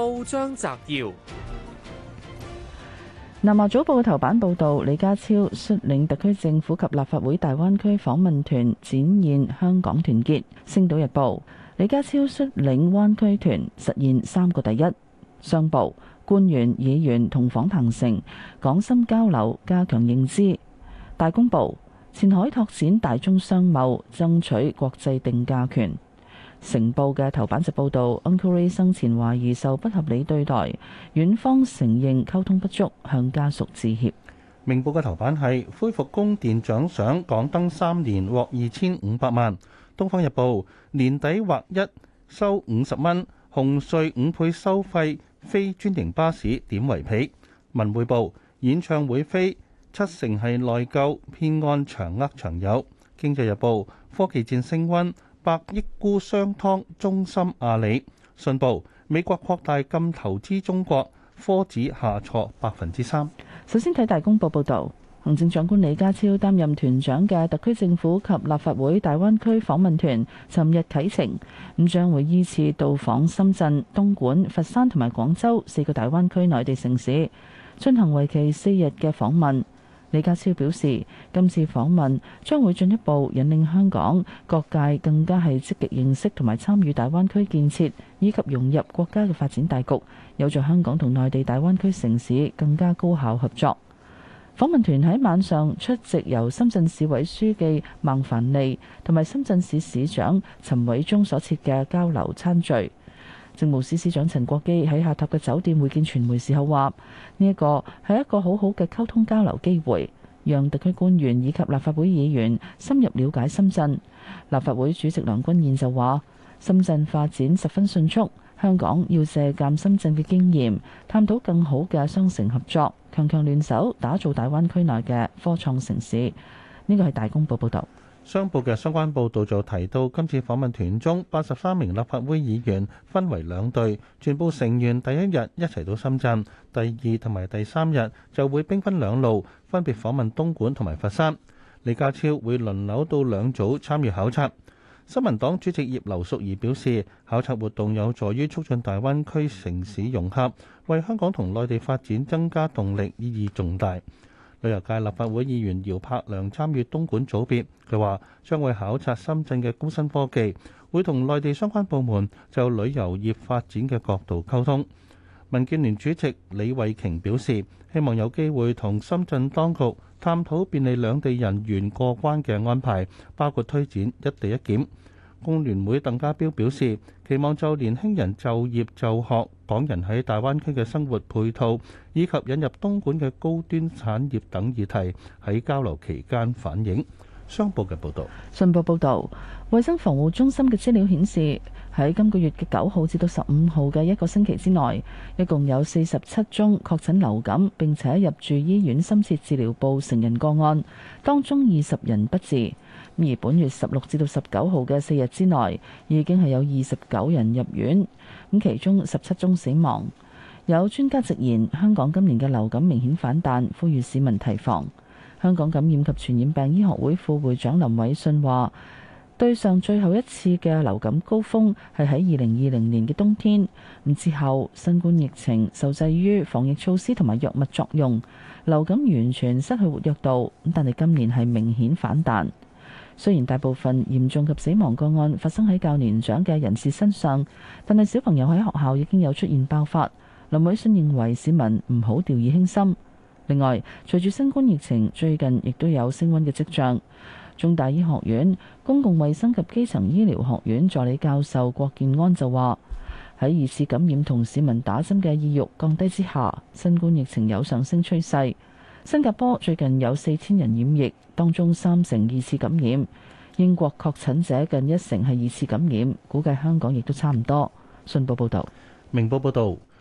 報章摘要：南華早報頭版報道，李家超率領特區政府及立法會大灣區訪問團展現香港團結。星島日報：李家超率領灣區團實現三個第一。商報：官員議員同訪鵬城，港深交流加強認知。大公報：前海拓展大中商貿，爭取國際定價權。成報嘅頭版就報道，Uncle Ray 生前懷疑受不合理對待，院方承認溝通不足，向家屬致歉。明報嘅頭版係恢復供電獎賞，港燈三年獲二千五百萬。東方日報，年底劃一收五十蚊，紅隧五倍收費，非專營巴士點為皮？文匯報，演唱會飛七成係內疚，偏安長握長有。經濟日報，科技戰升溫。百億沽商湯中芯阿里信報美國擴大禁投資中國，科指下挫百分之三。首先睇大公報報導，行政長官李家超擔任團長嘅特區政府及立法會大灣區訪問團，尋日啟程，咁將會依次到訪深圳、東莞、佛山同埋廣州四個大灣區內地城市，進行為期四日嘅訪問。李家超表示，今次訪問將會進一步引領香港各界更加係積極認識同埋參與大灣區建設，以及融入國家嘅發展大局，有助香港同內地大灣區城市更加高效合作。訪問團喺晚上出席由深圳市委書記孟凡利同埋深圳市市長覃偉中所設嘅交流餐聚。政務司司長陳國基喺下榻嘅酒店會見傳媒時候話：呢一個係一個好好嘅溝通交流機會，讓特區官員以及立法會議員深入了解深圳。立法會主席梁君彥就話：深圳發展十分迅速，香港要借鑒深圳嘅經驗，探討更好嘅雙城合作，強強聯手，打造大灣區內嘅科創城市。呢個係大公報報道。商報嘅相關報導就提到，今次訪問團中八十三名立法會議員分為兩隊，全部成員第一日一齊到深圳，第二同埋第三日就會兵分兩路，分別訪問東莞同埋佛山。李家超會輪流到兩組參與考察。新民黨主席葉劉淑儀表示，考察活動有助於促進大灣區城市融合，為香港同內地發展增加動力，意義重大。旅遊界立法會議員姚柏良參與東莞組別，佢話將會考察深圳嘅高新科技，會同內地相關部門就旅遊業發展嘅角度溝通。民建聯主席李慧瓊表示，希望有機會同深圳當局探討便利兩地人員過關嘅安排，包括推展一地一檢。工聯會鄧家彪表示，期望就年輕人就業就學、港人喺大灣區嘅生活配套以及引入東莞嘅高端產業等議題，喺交流期間反映。商報嘅報導，信報報道，衛生防護中心嘅資料顯示，喺今個月嘅九號至到十五號嘅一個星期之內，一共有四十七宗確診流感，並且入住醫院深切治療部成人個案，當中二十人不治。而本月十六至到十九號嘅四日之內，已經係有二十九人入院，咁其中十七宗死亡。有專家直言，香港今年嘅流感明顯反彈，呼籲市民提防。香港感染及傳染病醫學會副會長林偉信話，對上最後一次嘅流感高峰係喺二零二零年嘅冬天，咁之後新冠疫情受制於防疫措施同埋藥物作用，流感完全失去活躍度。咁但係今年係明顯反彈，雖然大部分嚴重及死亡個案發生喺較年長嘅人士身上，但係小朋友喺學校已經有出現爆發，林偉信認為市民唔好掉以輕心。另外，隨住新冠疫情最近亦都有升溫嘅跡象，中大醫學院公共衛生及基層醫療學院助理教授郭建安就話：喺二次感染同市民打針嘅意欲降低之下，新冠疫情有上升趨勢。新加坡最近有四千人染疫，當中三成二次感染；英國確診者近一成係二次感染，估計香港亦都差唔多。信報報導，明報報導。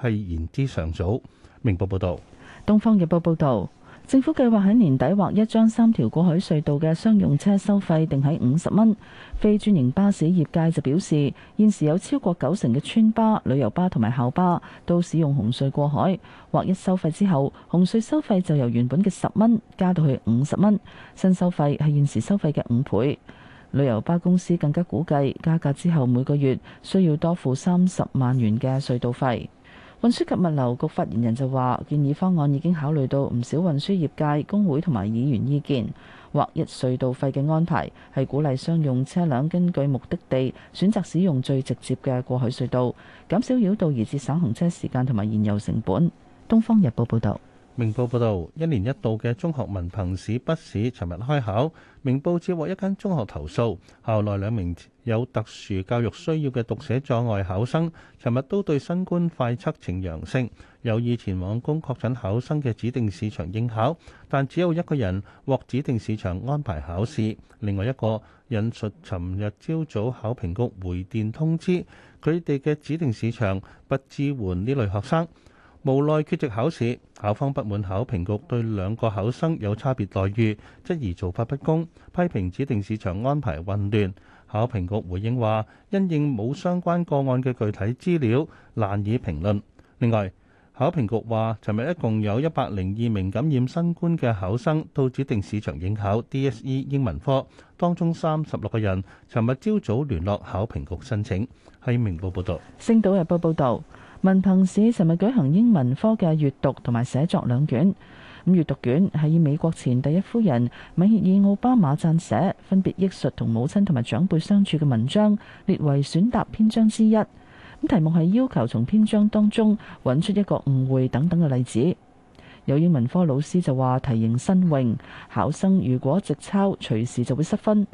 係言之尚早。明報報道，東方日報報道，政府計劃喺年底劃一張三條過海隧道嘅商用車收費定喺五十蚊。非專營巴士業界就表示，現時有超過九成嘅村巴、旅遊巴同埋校巴都使用紅隧過海，劃一收費之後，紅隧收費就由原本嘅十蚊加到去五十蚊，新收費係現時收費嘅五倍。旅遊巴公司更加估計，加價之後每個月需要多付三十萬元嘅隧道費。運輸及物流局發言人就話：建議方案已經考慮到唔少運輸業界工會同埋議員意見，劃一隧道費嘅安排係鼓勵商用車輛根據目的地選擇使用最直接嘅過海隧道，減少繞道而節省行車時間同埋燃油成本。東方日報報道。明報報導，一年一度嘅中學文憑試筆試，尋日開考。明報接獲一間中學投訴，校內兩名有特殊教育需要嘅讀寫障礙考生，尋日都對新冠快測呈陽性，有意前往供確診考生嘅指定市場應考，但只有一個人獲指定市場安排考試，另外一個引述尋日朝早考評局回電通知，佢哋嘅指定市場不支援呢類學生。無奈缺席考試，考方不滿考評局對兩個考生有差別待遇，質疑做法不公，批評指定市場安排混亂。考評局回應話：因應冇相關個案嘅具體資料，難以評論。另外，考評局話，尋日一共有一百零二名感染新冠嘅考生到指定市場應考 DSE 英文科，當中三十六個人尋日朝早聯絡考評局申請。係《明報》報導，《星島日報》報導。文憑試尋日舉行英文科嘅閱讀同埋寫作兩卷，咁閱讀卷係以美國前第一夫人米歇爾奧巴馬撰寫，分別憶述同母親同埋長輩相處嘅文章，列為選答篇章之一。咁題目係要求從篇章當中揾出一個誤會等等嘅例子。有英文科老師就話題型新穎，考生如果直抄，隨時就會失分。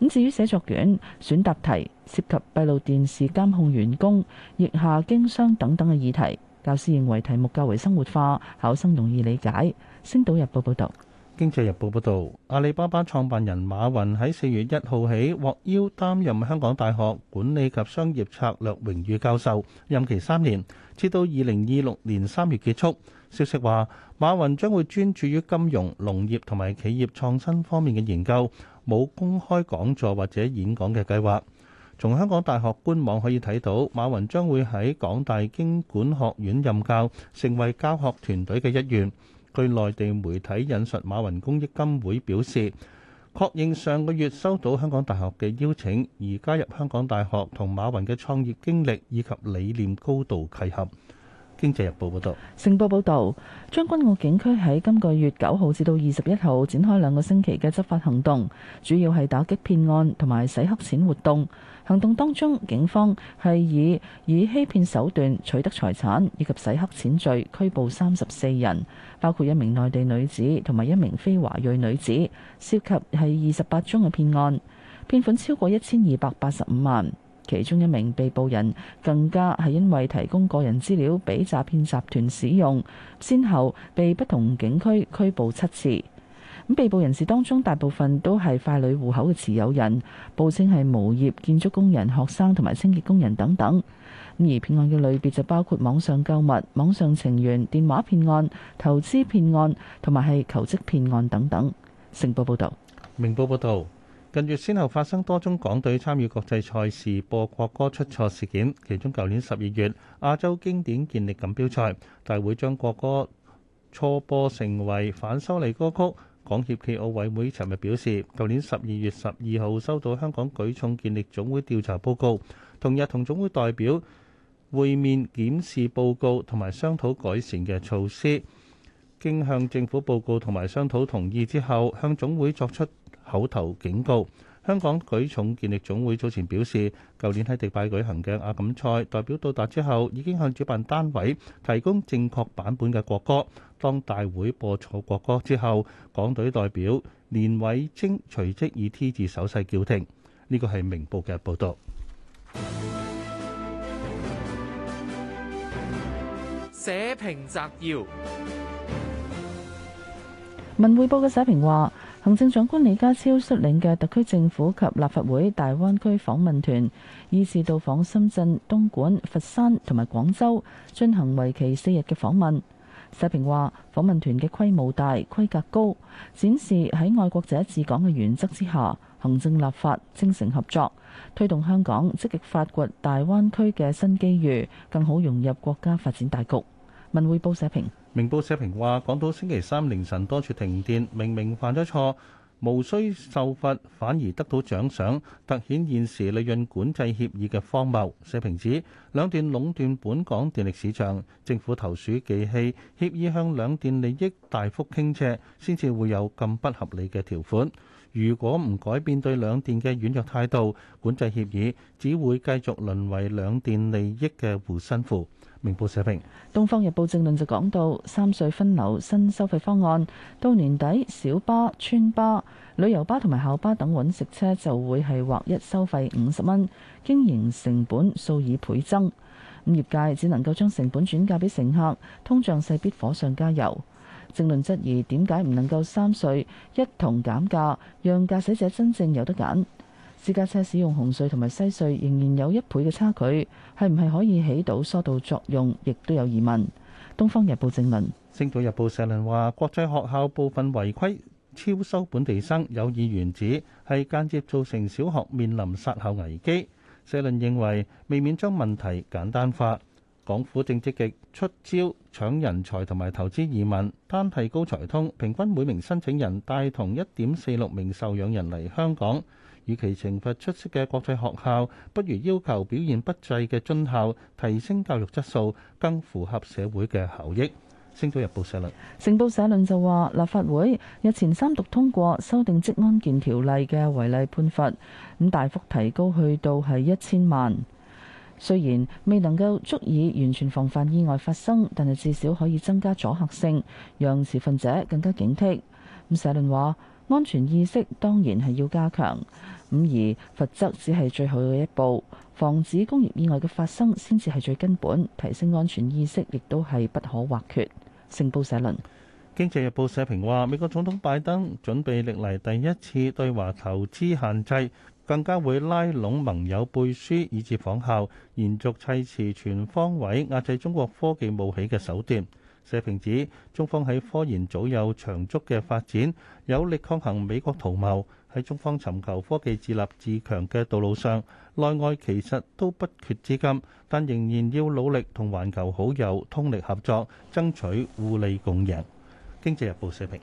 咁至於寫作卷選答題。涉及閉路電視監控員工腋下經商等等嘅議題。教師認為題目較為生活化，考生容易理解。星島日報報導。經濟日報報導，阿里巴巴創辦人馬雲喺四月一號起獲邀擔任香港大學管理及商業策略榮譽教授，任期三年，至到二零二六年三月結束。消息話，馬雲將會專注於金融、農業同埋企業創新方面嘅研究，冇公開講座或者演講嘅計劃。從香港大學官網可以睇到，馬雲將會喺港大經管學院任教，成為教學團隊嘅一員。據內地媒體引述馬雲公益金會表示，確認上個月收到香港大學嘅邀請，而加入香港大學同馬雲嘅創業經歷以及理念高度契合。《經濟日報》報道，成報報導，將軍澳警區喺今個月九號至到二十一號展開兩個星期嘅執法行動，主要係打擊騙案同埋洗黑錢活動。行動當中，警方係以以欺騙手段取得財產以及洗黑錢罪拘捕三十四人，包括一名內地女子同埋一名非華裔女子，涉及係二十八宗嘅騙案，騙款超過一千二百八十五萬。其中一名被捕人更加係因為提供個人資料俾詐騙集團使用，先後被不同警區拘捕七次。咁被捕人士當中大部分都係快女戶口嘅持有人，報稱係無業建築工人、學生同埋清潔工人等等。而騙案嘅類別就包括網上購物、網上情緣、電話騙案、投資騙案同埋係求職騙案等等。成報報道，明報報道。近月先後發生多宗港隊參與國際賽事播國歌出錯事件，其中舊年十二月亞洲經典健力錦標賽大會將國歌錯播成為反修例歌曲。港協暨奧委會尋日表示，舊年十二月十二號收到香港舉重健力總會調查報告，同日同總會代表會面檢視報告同埋商討改善嘅措施，經向政府報告同埋商討同意之後，向總會作出口頭警告。香港舉重健力總會早前表示，舊年喺迪拜舉行嘅亞錦賽代表到達之後，已經向主辦單位提供正確版本嘅國歌。當大會播錯國歌之後，港隊代表連偉清隨即以 T 字手勢叫停。呢個係明報嘅報道。社評摘要：文匯報嘅社評話。行政長官李家超率領嘅特區政府及立法會大灣區訪問團，依次到訪深圳、東莞、佛山同埋廣州，進行為期四日嘅訪問。社評話，訪問團嘅規模大、規格高，展示喺愛國者治港嘅原則之下，行政立法精誠合作，推動香港積極發掘大灣區嘅新機遇，更好融入國家發展大局。文匯報社評：明報社評話，講到星期三凌晨多處停電，明明犯咗錯，無需受罰，反而得到獎賞，突顯現時利潤管制協議嘅荒謬。社評指，兩電壟斷本港電力市場，政府投鼠忌器，協議向兩電利益大幅傾斜，先至會有咁不合理嘅條款。如果唔改變對兩電嘅軟弱態度，管制協議只會繼續淪為兩電利益嘅護身符。明報社評，《東方日報正論》正論就講到三隧分流新收費方案，到年底小巴、村巴、旅遊巴同埋校巴等揾食車就會係劃一收費五十蚊，經營成本數以倍增。咁業界只能夠將成本轉嫁俾乘客，通脹勢必火上加油。正論質疑點解唔能夠三隧一同減價，讓駕駛者真正有得揀。私家車使用紅隧同埋西隧仍然有一倍嘅差距，係唔係可以起到疏導作用，亦都有疑問。《東方日報證明》政論。《星島日報》社論話：國際學校部分違規超收本地生有原，有議員指係間接造成小學面臨殺校危機。社論認為未免將問題簡單化。港府正積極出招搶人才同埋投資移民，單係高才通平均每名申請人帶同一點四六名受養人嚟香港。與其懲罰出色嘅國際學校，不如要求表現不濟嘅津校提升教育質素，更符合社會嘅效益。星島日報社論，成報社論就話，立法會日前三讀通過修訂《職安健條例》嘅違例判罰，咁大幅提高去到係一千萬。雖然未能夠足以完全防範意外發生，但係至少可以增加阻嚇性，讓持份者更加警惕。咁社論話，安全意識當然係要加強。咁而罰則只係最後嘅一步，防止工業意外嘅發生先至係最根本，提升安全意識亦都係不可或缺。成報社論，《經濟日報》社評話：美國總統拜登準備歷嚟第一次對華投資限制，更加會拉攏盟友背書，以至仿效，延續砌詞全方位壓制中國科技冒起嘅手段。社評指中方喺科研早有長足嘅發展，有力抗衡美國圖謀。喺中方尋求科技自立自強嘅道路上，內外其實都不缺資金，但仍然要努力同環球好友通力合作，爭取互利共贏。經濟日報社評。